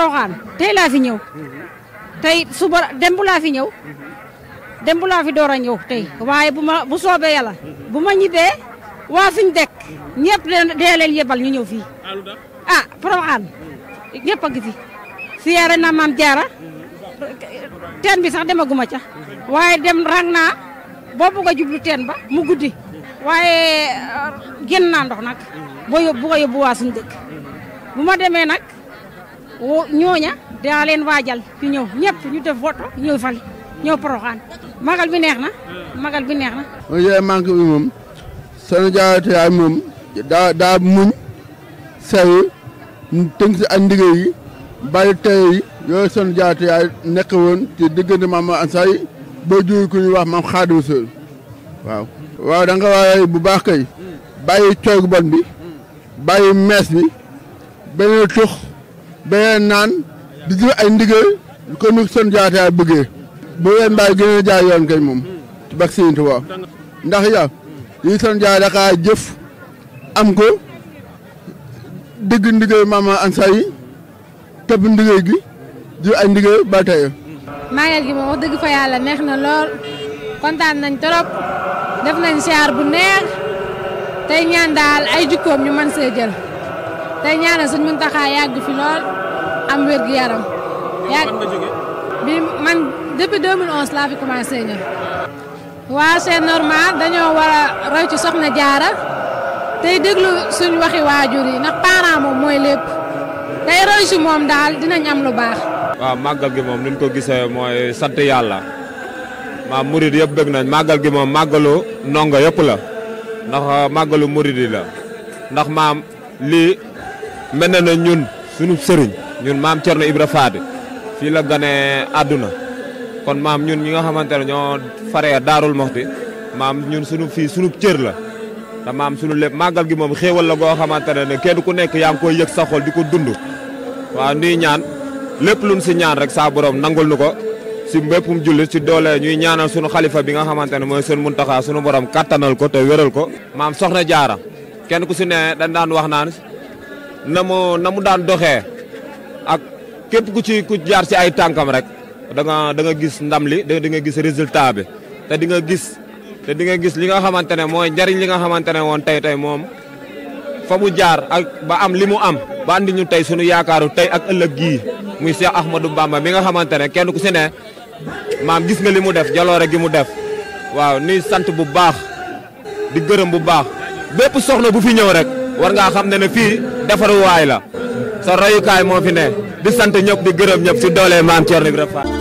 poroxaan tey la fi ñëw tey suba bu la fi dem bu la fi door ñew tay waye bu ma bu soobee yàlla bu ma ñibbee waa fiñ dekk ñepp leen leen yebal ñu ñew fi ah, ah poroxaan ñepp a ngi fi siyaare na mam jara ten bi sax demaguma ca waye dem rang bo bu ga jublu ten ba mu guddi waye génn naa ndox nag boo yóbbu bugg a yóbbu suñ dekk bu ma nak ñooña daa leen waajal ñu ñëw ñëpp ñu def voto ñëw fal ñëw Porokhane magal bi neex na magal bi neex na monsieur Manko bi moom seen jaawate yaay daa daa muñ sayu tënk si ak ndigal yi yooyu seen jaawate yaay nekk woon ci diggante maam Ansa yi ba jur ku ñuy wax maam Xaadimu Rasuul waaw waaw da nga bu baax kay bàyyi coow bon bi bàyyi mees beneen tux ba naan di jël ay ndigal comme ni seen jaataay bu leen bàyyi jaay yoon kay moom. ci bak Sëriñ ndax ya yi seen jaay jëf am ko dégg ndigal maama ansa yi tëb gi jël ay ndigal ba tey. magal gi moom wax dëgg fa yàlla neex na lool kontaan nañ trop def nañ siyaar bu neex tey ñaan daal ay jukkoom ñu mën see tey ñaanal sëñ Muntaxa yàgg fi lool am wér gu yaram. bi man depuis 2011 laa fi commencé ñëw. waa c'est normal dañoo war a ci soxna jaara tey déglu suñ waxi waajur yi ndax parent moom mooy lépp tey roy ci moom daal dinañ am lu baax. waaw màggal gi moom ni ko gisee mooy sant yàlla maa murid yëpp bëgg nañ màggal gi moom màggalu ndongo yëpp la ndax màggalu murid la ndax maam lii. mel na ñun suñu sëriñ ñun maam Thierno Ibra Fadi fi la gané aduna kon maam ñun ñi nga xamantene ño faré darul mohti maam ñun suñu fi suñu cër la da maam suñu lepp magal gi mom xéewal la go xamantene ne kenn ku nekk yaang koy yek sa xol dund wa ni ñaan lepp luñ ci ñaan rek sa borom nangul simbe ci si mbéppum jullit si doole ñuy ñaanal suñu khalifa bi nga xamantene moy mooy seen muntaxaa sunu borom katanal ko te wéral ko maam soxna jaara kenn ku ci ne dañ daan wax naan namu namu daan ak képp ku ci ku jaar ci ay tankam rek da nga da nga gis ndam li da nga gis résultat bi te di nga gis te di nga gis li nga xamantene moy jariñ li nga xamantene won tay tay mom jaar ak ba am limu am ba andi ñu tay sunu yaakaaru tay ak ëlëk gi muy Cheikh Ahmadou Bamba mi nga xamantene kenn ku ci ne maam gis nga limu mu def jaloore gi mu def waaw ni sante bu baax di gërëm bu baax bépp soxna bu fi ñëw rek war ngaa xam ne ne fii defaruwaay la sa royukaay moo fi ne di sant ñëpp di gërëm ñëpp si doole maam Thierno Ibrahima Fall